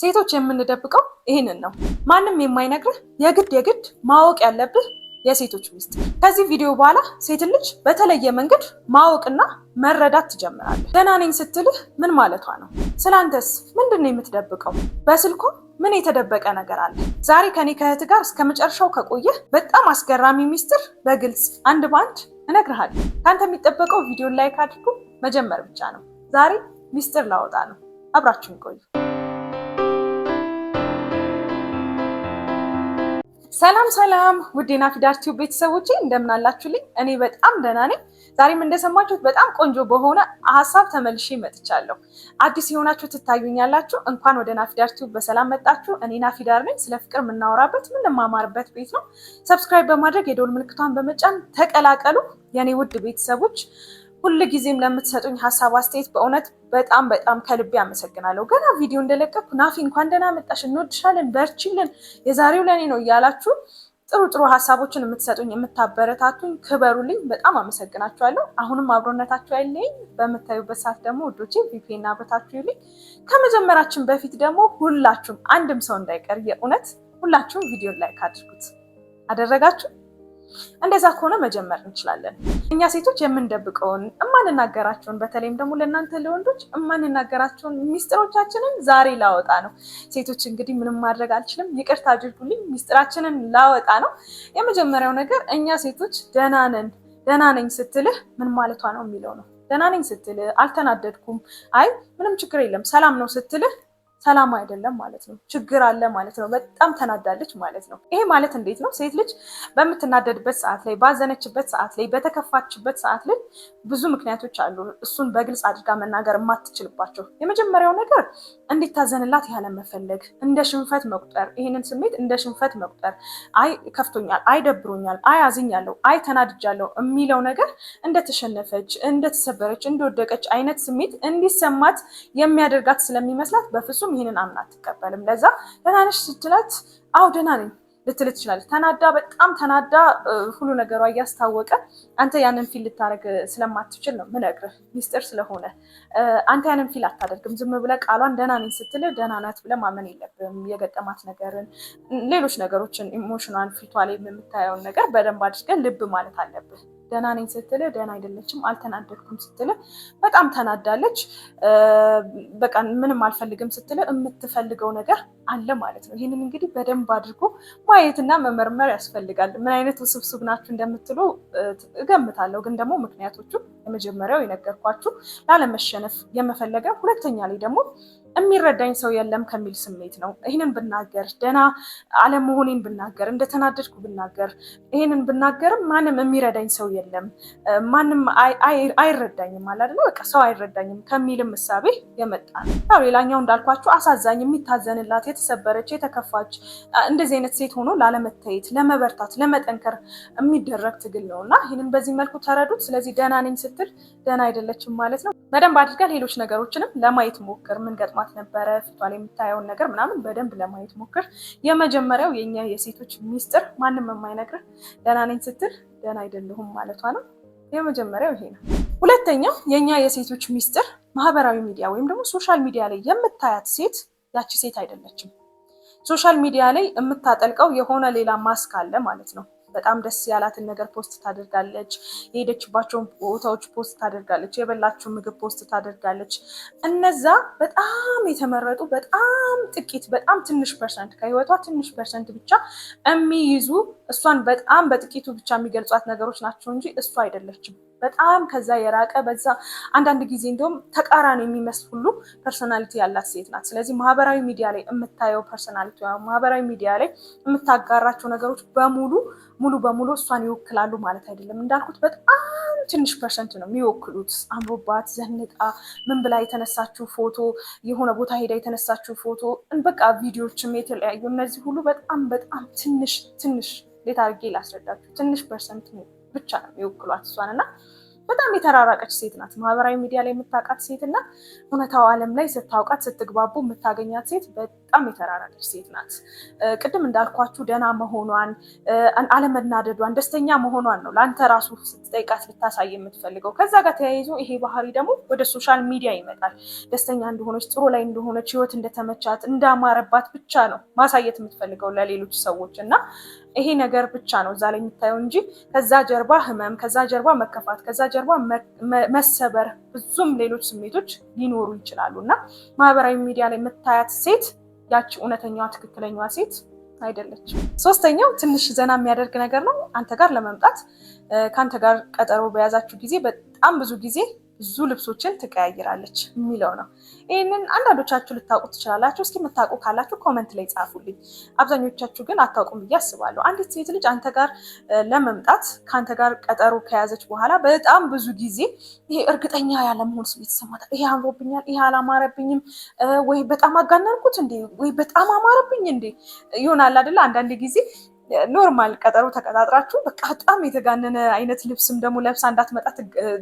ሴቶች የምንደብቀው ይህንን ነው። ማንም የማይነግርህ የግድ የግድ ማወቅ ያለብህ የሴቶች ሚስጥር። ከዚህ ቪዲዮ በኋላ ሴት ልጅ በተለየ መንገድ ማወቅና መረዳት ትጀምራለህ። ደህና ነኝ ስትልህ ምን ማለቷ ነው? ስለ አንተስ ምንድን ነው የምትደብቀው? በስልኩ ምን የተደበቀ ነገር አለ? ዛሬ ከኔ ከእህት ጋር እስከ መጨረሻው ከቆየህ በጣም አስገራሚ ሚስጥር በግልጽ አንድ በአንድ እነግርሃለሁ። ከአንተ የሚጠበቀው ቪዲዮን ላይክ አድርጎ መጀመር ብቻ ነው። ዛሬ ሚስጥር ላወጣ ነው። አብራችሁን ቆዩ። ሰላም ሰላም ውድ የናፊዳር ቲዩብ ቤተሰቦቼ እንደምን እኔ በጣም ደህና ነኝ። ዛሬም እንደሰማችሁት በጣም ቆንጆ በሆነ ሀሳብ ተመልሼ መጥቻለሁ። አዲስ የሆናችሁ ትታዩኛላችሁ፣ እንኳን ወደ ናፊዳር ቲዩብ በሰላም መጣችሁ። እኔ ናፊዳር ነኝ። ስለ ፍቅር የምናወራበት የምንማማርበት ቤት ነው። ሰብስክራይብ በማድረግ የደወል ምልክቷን በመጫን ተቀላቀሉ የኔ ውድ ቤተሰቦች። ጊዜም ለምትሰጡኝ ሀሳብ አስተያየት በእውነት በጣም በጣም ከልቤ አመሰግናለሁ። ገና ቪዲዮ እንደለቀኩ ናፊ እንኳን ደህና መጣሽ፣ እንወድሻለን፣ በርቺልን፣ የዛሬው ለእኔ ነው እያላችሁ ጥሩ ጥሩ ሀሳቦችን የምትሰጡኝ የምታበረታቱኝ፣ ክበሩልኝ። በጣም አመሰግናችኋለሁ። አሁንም አብሮነታችሁ አይለኝ። በምታዩበት ሰዓት ደግሞ ውዶቼ ቪፒና አብረታችሁ ይልኝ። ከመጀመራችን በፊት ደግሞ ሁላችሁም አንድም ሰው እንዳይቀር የእውነት ሁላችሁም ቪዲዮ ላይክ አድርጉት። አደረጋችሁ እንደዛ ከሆነ መጀመር እንችላለን። እኛ ሴቶች የምንደብቀውን እማንናገራቸውን በተለይም ደግሞ ለእናንተ ለወንዶች እማንናገራቸውን ሚስጥሮቻችንን ዛሬ ላወጣ ነው። ሴቶች እንግዲህ ምንም ማድረግ አልችልም፣ ይቅርታ አድርጉልኝ፣ ሚስጥራችንን ላወጣ ነው። የመጀመሪያው ነገር እኛ ሴቶች ደህና ነን፣ ደህና ነኝ ስትልህ ምን ማለቷ ነው የሚለው ነው። ደህና ነኝ ስትልህ አልተናደድኩም፣ አይ ምንም ችግር የለም ሰላም ነው ስትልህ ሰላም አይደለም ማለት ነው። ችግር አለ ማለት ነው። በጣም ተናዳለች ማለት ነው። ይሄ ማለት እንዴት ነው? ሴት ልጅ በምትናደድበት ሰዓት ላይ፣ ባዘነችበት ሰዓት ላይ፣ በተከፋችበት ሰዓት ላይ ብዙ ምክንያቶች አሉ። እሱን በግልጽ አድርጋ መናገር የማትችልባቸው የመጀመሪያው ነገር እንዲታዘንላት ያለመፈለግ፣ እንደ ሽንፈት መቁጠር፣ ይህንን ስሜት እንደ ሽንፈት መቁጠር፣ አይ ከፍቶኛል፣ አይ ደብሮኛል፣ አይ አዝኛለሁ፣ አይ ተናድጃለሁ የሚለው ነገር እንደተሸነፈች፣ እንደተሰበረች፣ እንደወደቀች አይነት ስሜት እንዲሰማት የሚያደርጋት ስለሚመስላት በፍጹም ይህንን አምና አትቀበልም። ለዛ ደህና ነሽ ስትላት አዎ ደህና ነኝ ልትል ትችላለች። ተናዳ በጣም ተናዳ ሁሉ ነገሯ እያስታወቀ አንተ ያንን ፊል ልታደርግ ስለማትችል ነው ምነግርህ፣ ሚስጥር ስለሆነ አንተ ያንን ፊል አታደርግም። ዝም ብለህ ቃሏን ደህና ነኝ ስትልህ ደህና ናት ብለህ ማመን የለብም። የገጠማት ነገርን፣ ሌሎች ነገሮችን፣ ኢሞሽኗን፣ ፊቷ ላይ የምታየውን ነገር በደንብ አድርገን ልብ ማለት አለብህ። ደህና ነኝ ስትል ደህና አይደለችም፣ አልተናደድኩም ስትል በጣም ተናዳለች። በቃ ምንም አልፈልግም ስትል የምትፈልገው ነገር አለ ማለት ነው። ይህንን እንግዲህ በደንብ አድርጎ ማየትና መመርመር ያስፈልጋል። ምን አይነት ውስብስብ ናችሁ እንደምትሉ እገምታለሁ። ግን ደግሞ ምክንያቶቹ የመጀመሪያው የነገርኳችሁ ላለመሸነፍ የመፈለገ፣ ሁለተኛ ላይ ደግሞ የሚረዳኝ ሰው የለም ከሚል ስሜት ነው። ይህንን ብናገር ደህና አለመሆኔን ብናገር እንደተናደድኩ ብናገር ይህንን ብናገርም ማንም የሚረዳኝ ሰው የለም፣ ማንም አይረዳኝም አለ በቃ ሰው አይረዳኝም ከሚልም እሳቤ የመጣ ያው ሌላኛው እንዳልኳችሁ አሳዛኝ፣ የሚታዘንላት፣ የተሰበረች፣ የተከፋች እንደዚህ አይነት ሴት ሆኖ ላለመታየት፣ ለመበርታት፣ ለመጠንከር የሚደረግ ትግል ነው እና ይህንን በዚህ መልኩ ተረዱት። ስለዚህ ደህና ነኝ ስትል ደህና አይደለችም ማለት ነው። በደንብ አድርጋ ሌሎች ነገሮችንም ለማየት ሞክር። ምንገጥ እያጋጠማት ነበረ፣ ፊቷ ላይ የምታየውን ነገር ምናምን በደንብ ለማየት ሞክር። የመጀመሪያው የኛ የሴቶች ሚስጥር ማንም የማይነግርህ ደህና ነኝ ስትል ደህና አይደለሁም ማለቷ ነው። የመጀመሪያው ይሄ ነው። ሁለተኛው የእኛ የሴቶች ሚስጥር ማህበራዊ ሚዲያ ወይም ደግሞ ሶሻል ሚዲያ ላይ የምታያት ሴት ያቺ ሴት አይደለችም። ሶሻል ሚዲያ ላይ የምታጠልቀው የሆነ ሌላ ማስክ አለ ማለት ነው። በጣም ደስ ያላትን ነገር ፖስት ታደርጋለች። የሄደችባቸውን ቦታዎች ፖስት ታደርጋለች። የበላችውን ምግብ ፖስት ታደርጋለች። እነዛ በጣም የተመረጡ በጣም ጥቂት በጣም ትንሽ ፐርሰንት ከህይወቷ ትንሽ ፐርሰንት ብቻ የሚይዙ እሷን በጣም በጥቂቱ ብቻ የሚገልጿት ነገሮች ናቸው እንጂ እሷ አይደለችም። በጣም ከዛ የራቀ በዛ አንዳንድ ጊዜ እንዲሁም ተቃራኒ የሚመስል ሁሉ ፐርሶናሊቲ ያላት ሴት ናት። ስለዚህ ማህበራዊ ሚዲያ ላይ የምታየው ፐርሶናሊቲ ማህበራዊ ሚዲያ ላይ የምታጋራቸው ነገሮች በሙሉ ሙሉ በሙሉ እሷን ይወክላሉ ማለት አይደለም። እንዳልኩት በጣም ትንሽ ፐርሰንት ነው የሚወክሉት። አምሮባት ዘንጣ ምን ብላ የተነሳችው ፎቶ፣ የሆነ ቦታ ሄዳ የተነሳችው ፎቶ፣ በቃ ቪዲዮዎችም የተለያዩ እነዚህ ሁሉ በጣም በጣም ትንሽ ትንሽ እንዴት አድርጌ ላስረዳችሁ? ትንሽ ፐርሰንት ነው ብቻ ነው የሚወክሏት እሷን እና በጣም የተራራቀች ሴት ናት። ማህበራዊ ሚዲያ ላይ የምታውቃት ሴት እና እውነታው ዓለም ላይ ስታውቃት ስትግባቡ የምታገኛት ሴት በጣም የተራራቀች ሴት ናት። ቅድም እንዳልኳችሁ ደህና መሆኗን፣ አለመናደዷን፣ ደስተኛ መሆኗን ነው ለአንተ ራሱ ስትጠይቃት ልታሳይ የምትፈልገው። ከዛ ጋር ተያይዞ ይሄ ባህሪ ደግሞ ወደ ሶሻል ሚዲያ ይመጣል። ደስተኛ እንደሆነች፣ ጥሩ ላይ እንደሆነች፣ ህይወት እንደተመቻት፣ እንዳማረባት ብቻ ነው ማሳየት የምትፈልገው ለሌሎች ሰዎች እና ይሄ ነገር ብቻ ነው እዛ ላይ የሚታየው እንጂ ከዛ ጀርባ ህመም፣ ከዛ ጀርባ መከፋት፣ ከዛ ጀርባ መሰበር ብዙም ሌሎች ስሜቶች ሊኖሩ ይችላሉ እና ማህበራዊ ሚዲያ ላይ የምታያት ሴት ያቺ እውነተኛዋ ትክክለኛዋ ሴት አይደለችም። ሶስተኛው ትንሽ ዘና የሚያደርግ ነገር ነው። አንተ ጋር ለመምጣት ከአንተ ጋር ቀጠሮ በያዛችሁ ጊዜ በጣም ብዙ ጊዜ ብዙ ልብሶችን ትቀያይራለች የሚለው ነው። ይህንን አንዳንዶቻችሁ ልታውቁ ትችላላችሁ። እስኪ የምታውቁ ካላችሁ ኮመንት ላይ ጻፉልኝ። አብዛኞቻችሁ ግን አታውቁም ብዬ አስባለሁ። አንዲት ሴት ልጅ አንተ ጋር ለመምጣት ከአንተ ጋር ቀጠሮ ከያዘች በኋላ በጣም ብዙ ጊዜ ይሄ እርግጠኛ ያለመሆን ስሜት ይሰማታል። ይሄ አምሮብኛል፣ ይሄ አላማረብኝም፣ ወይ በጣም አጋነንኩት እንዴ፣ ወይ በጣም አማረብኝ እንዴ ይሆናል አይደለ? አንዳንድ ጊዜ ኖርማል ቀጠሮ ተቀጣጥራችሁ በቃ በጣም የተጋነነ አይነት ልብስም ደግሞ ለብሳ እንዳትመጣ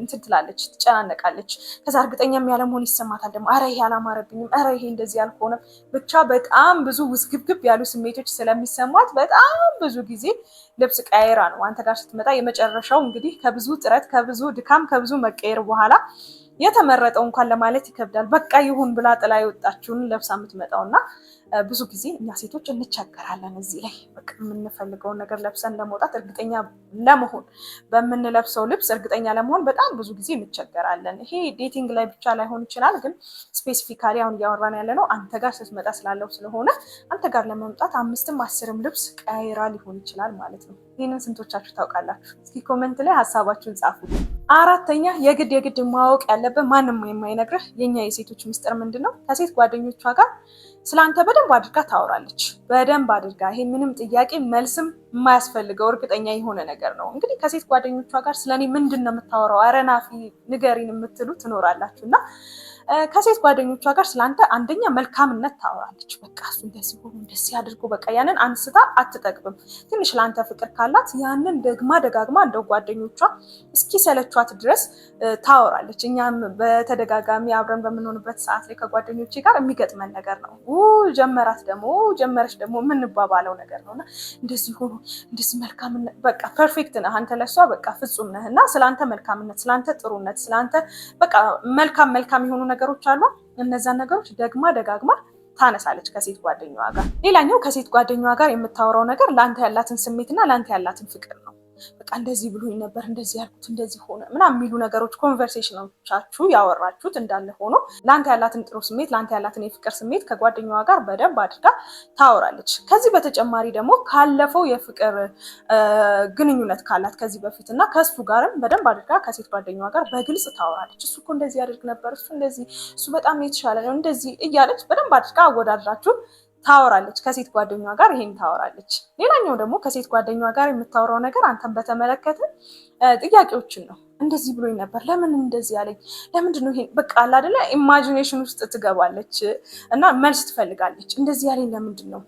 እንትን ትላለች፣ ትጨናነቃለች። ከዛ እርግጠኛም ያለመሆን ይሰማታል። ደግሞ ረ ይሄ አላማረብኝም፣ ረ ይሄ እንደዚህ ያልሆነ ብቻ በጣም ብዙ ውዝግብግብ ያሉ ስሜቶች ስለሚሰማት በጣም ብዙ ጊዜ ልብስ ቀያይራ ነው አንተ ጋር ስትመጣ የመጨረሻው እንግዲህ ከብዙ ጥረት ከብዙ ድካም ከብዙ መቀየር በኋላ የተመረጠው እንኳን ለማለት ይከብዳል። በቃ ይሁን ብላ ጥላ የወጣችውን ለብሳ የምትመጣው እና ብዙ ጊዜ እኛ ሴቶች እንቸገራለን እዚህ ላይ በቃ የምንፈልገውን ነገር ለብሰን ለመውጣት እርግጠኛ ለመሆን በምንለብሰው ልብስ እርግጠኛ ለመሆን በጣም ብዙ ጊዜ እንቸገራለን። ይሄ ዴቲንግ ላይ ብቻ ላይሆን ይችላል፣ ግን ስፔሲፊካሊ አሁን እያወራን ያለ ነው አንተ ጋር ስትመጣ ስላለው ስለሆነ አንተ ጋር ለመምጣት አምስትም አስርም ልብስ ቀያይራ ሊሆን ይችላል ማለት ነው። ይህንን ስንቶቻችሁ ታውቃላችሁ? እስኪ ኮመንት ላይ ሀሳባችሁን ጻፉ። አራተኛ የግድ የግድ ማወቅ ያለብን ማንም የማይነግርህ የኛ የሴቶች ምስጢር ምንድን ነው? ከሴት ጓደኞቿ ጋር ስለአንተ በደንብ አድርጋ ታወራለች። በደንብ አድርጋ ይሄ ምንም ጥያቄ መልስም የማያስፈልገው እርግጠኛ የሆነ ነገር ነው። እንግዲህ ከሴት ጓደኞቿ ጋር ስለኔ ምንድን ነው የምታወራው? አረናፊ ንገሪን የምትሉ ትኖራላችሁ እና ከሴት ጓደኞቿ ጋር ስለአንተ አንደኛ መልካምነት ታወራለች። በቃ እሱ እንደዚህ ሆኖ እንደዚህ አድርጎ በቃ ያንን አንስታ አትጠቅምም። ትንሽ ለአንተ ፍቅር ካላት ያንን ደግማ ደጋግማ እንደው ጓደኞቿ እስኪ ሰለቿት ድረስ ታወራለች። እኛም በተደጋጋሚ አብረን በምንሆንበት ሰዓት ላይ ከጓደኞቼ ጋር የሚገጥመን ነገር ነው። ጀመራት ደግሞ ጀመረች ደግሞ የምንባባለው ነገር ነውና እንደዚህ ሆኖ እንደዚህ መልካምነት በቃ ፐርፌክት ነህ አንተ ለሷ በቃ ፍጹም ነህ እና ስለአንተ መልካምነት፣ ስለአንተ ጥሩነት፣ ስለአንተ በቃ መልካም መልካም የሆኑ ነገር ነገሮች አሉ። እነዛን ነገሮች ደግማ ደጋግማ ታነሳለች ከሴት ጓደኛዋ ጋር። ሌላኛው ከሴት ጓደኛዋ ጋር የምታወራው ነገር ለአንተ ያላትን ስሜትና ለአንተ ያላትን ፍቅር ነው። በቃ እንደዚህ ብሎኝ ነበር፣ እንደዚህ ያልኩት እንደዚህ ሆነ ምናምን የሚሉ ነገሮች ኮንቨርሴሽኖቻችሁ ያወራችሁት እንዳለ ሆኖ ለአንተ ያላትን ጥሩ ስሜት ለአንተ ያላትን የፍቅር ስሜት ከጓደኛዋ ጋር በደንብ አድርጋ ታወራለች። ከዚህ በተጨማሪ ደግሞ ካለፈው የፍቅር ግንኙነት ካላት ከዚህ በፊት እና ከእሱ ጋርም በደንብ አድርጋ ከሴት ጓደኛዋ ጋር በግልጽ ታወራለች። እሱ እኮ እንደዚህ ያደርግ ነበር፣ እሱ እንደዚህ፣ እሱ በጣም የተሻለ ነው እንደዚህ እያለች በደንብ አድርጋ አወዳድራችሁ ታወራለች ከሴት ጓደኛ ጋር ይሄን ታወራለች። ሌላኛው ደግሞ ከሴት ጓደኛ ጋር የምታወራው ነገር አንተን በተመለከተ ጥያቄዎችን ነው። እንደዚህ ብሎኝ ነበር፣ ለምን እንደዚህ ያለኝ፣ ለምንድን ነው ይሄን፣ በቃ አለ አይደለ፣ ኢማጂኔሽን ውስጥ ትገባለች እና መልስ ትፈልጋለች። እንደዚህ ያለኝ ለምንድን ነው?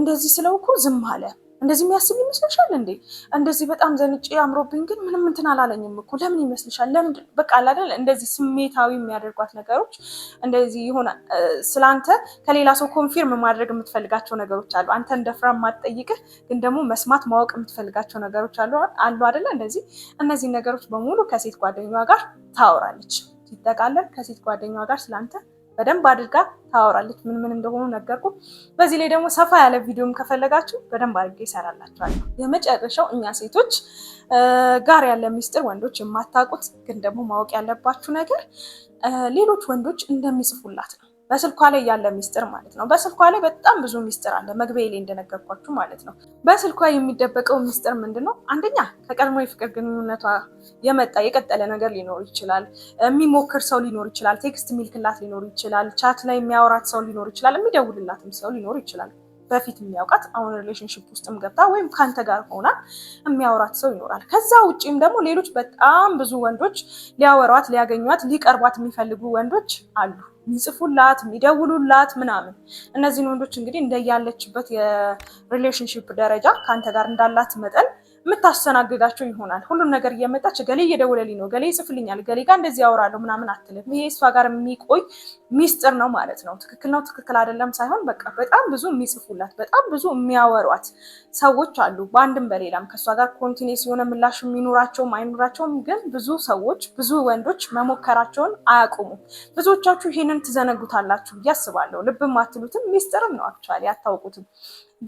እንደዚህ ስለው እኮ ዝም አለ እንደዚህ የሚያስብ ይመስልሻል እንዴ? እንደዚህ በጣም ዘንጬ አምሮብኝ ግን ምንም እንትን አላለኝም እኮ ለምን ይመስልሻል? ለምን በቃ አላደል እንደዚህ ስሜታዊ የሚያደርጓት ነገሮች እንደዚህ የሆነ ስለአንተ ከሌላ ሰው ኮንፊርም ማድረግ የምትፈልጋቸው ነገሮች አሉ። አንተ እንደ ፍራ ማትጠይቅህ ግን ደግሞ መስማት ማወቅ የምትፈልጋቸው ነገሮች አሉ አሉ አደለ? እንደዚህ እነዚህ ነገሮች በሙሉ ከሴት ጓደኛዋ ጋር ታወራለች። ሲጠቃለል ከሴት ጓደኛዋ ጋር ስለአንተ በደንብ አድርጋ ታወራለች። ምን ምን እንደሆኑ ነገርኩ። በዚህ ላይ ደግሞ ሰፋ ያለ ቪዲዮም ከፈለጋችሁ በደንብ አድርጌ ይሰራላችኋለሁ። የመጨረሻው እኛ ሴቶች ጋር ያለ ሚስጥር ወንዶች የማታውቁት ግን ደግሞ ማወቅ ያለባችሁ ነገር ሌሎች ወንዶች እንደሚጽፉላት ነው። በስልኳ ላይ ያለ ሚስጥር ማለት ነው። በስልኳ ላይ በጣም ብዙ ሚስጥር አለ፣ መግቢያ ላይ እንደነገርኳችሁ ማለት ነው። በስልኳ የሚደበቀው ሚስጥር ምንድን ነው? አንደኛ ከቀድሞ የፍቅር ግንኙነቷ የመጣ የቀጠለ ነገር ሊኖር ይችላል። የሚሞክር ሰው ሊኖር ይችላል። ቴክስት ሚልክላት ሊኖር ይችላል። ቻት ላይ የሚያወራት ሰው ሊኖር ይችላል። የሚደውልላትም ሰው ሊኖር ይችላል። በፊት የሚያውቃት አሁን ሪሌሽንሽፕ ውስጥም ገብታ ወይም ከአንተ ጋር ሆና የሚያወራት ሰው ይኖራል። ከዛ ውጭም ደግሞ ሌሎች በጣም ብዙ ወንዶች ሊያወሯት፣ ሊያገኟት፣ ሊቀርቧት የሚፈልጉ ወንዶች አሉ። የሚጽፉላት የሚደውሉላት ምናምን እነዚህን ወንዶች እንግዲህ እንደያለችበት የሪሌሽንሽፕ ደረጃ ከአንተ ጋር እንዳላት መጠን የምታስተናግዳቸው ይሆናል። ሁሉም ነገር እየመጣች ገሌ እየደወለልኝ ነው፣ ገሌ ይጽፍልኛል፣ ገሌ ጋር እንደዚህ ያወራለሁ ምናምን አትልም። ይሄ እሷ ጋር የሚቆይ ሚስጥር ነው ማለት ነው። ትክክል ነው ትክክል አይደለም ሳይሆን በቃ በጣም ብዙ የሚጽፉላት በጣም ብዙ የሚያወሯት ሰዎች አሉ። በአንድም በሌላም ከእሷ ጋር ኮንቲኒስ የሆነ ምላሽ የሚኖራቸውም አይኖራቸውም፣ ግን ብዙ ሰዎች ብዙ ወንዶች መሞከራቸውን አያቁሙም። ብዙዎቻችሁ ይህንን ትዘነጉታላችሁ ብዬ አስባለሁ። ልብም አትሉትም፣ ሚስጥርም ነው አክቹዋሊ አታውቁትም።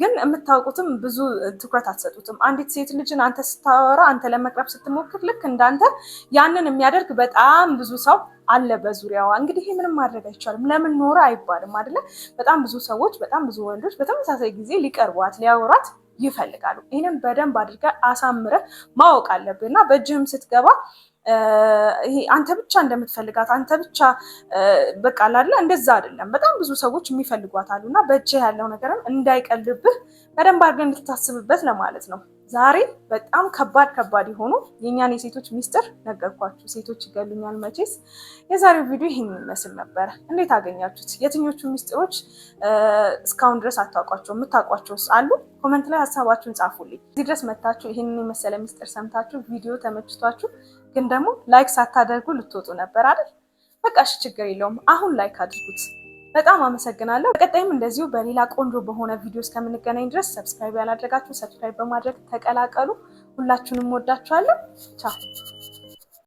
ግን የምታውቁትም ብዙ ትኩረት አትሰጡትም። አንዲት ሴት ልጅን አንተ ስታወራ፣ አንተ ለመቅረብ ስትሞክር ልክ እንዳንተ ያንን የሚያደርግ በጣም ብዙ ሰው አለ በዙሪያዋ። እንግዲህ ይህ ምንም ማድረግ አይቻልም። ለምን ኖረ አይባልም አይደለ? በጣም ብዙ ሰዎች፣ በጣም ብዙ ወንዶች በተመሳሳይ ጊዜ ሊቀርቧት ሊያወሯት ይፈልጋሉ። ይህንን በደንብ አድርገ አሳምረ ማወቅ አለብህ እና በእጅህም ስትገባ ይሄ አንተ ብቻ እንደምትፈልጋት አንተ ብቻ በቃ ላለ እንደዛ አይደለም። በጣም ብዙ ሰዎች የሚፈልጓት አሉ እና በእጅህ ያለው ነገርም እንዳይቀልብህ በደንብ አድርገን እንድታስብበት ለማለት ነው። ዛሬ በጣም ከባድ ከባድ የሆኑ የእኛን የሴቶች ሚስጥር ነገርኳችሁ። ሴቶች ይገሉኛል መቼስ። የዛሬው ቪዲዮ ይህን ይመስል ነበረ። እንዴት አገኛችሁት? የትኞቹ ሚስጥሮች እስካሁን ድረስ አታውቋቸው? የምታውቋቸው አሉ? ኮመንት ላይ ሀሳባችሁን ጻፉልኝ። እዚህ ድረስ መታችሁ ይህንን የመሰለ ሚስጥር ሰምታችሁ ቪዲዮ ተመችቷችሁ፣ ግን ደግሞ ላይክ ሳታደርጉ ልትወጡ ነበር አይደል? በቃ እሺ፣ ችግር የለውም። አሁን ላይክ አድርጉት። በጣም አመሰግናለሁ። በቀጣይም እንደዚሁ በሌላ ቆንጆ በሆነ ቪዲዮ እስከምንገናኝ ድረስ ሰብስክራይብ ያላደረጋችሁ ሰብስክራይብ በማድረግ ተቀላቀሉ። ሁላችሁንም ወዳችኋለሁ። ቻው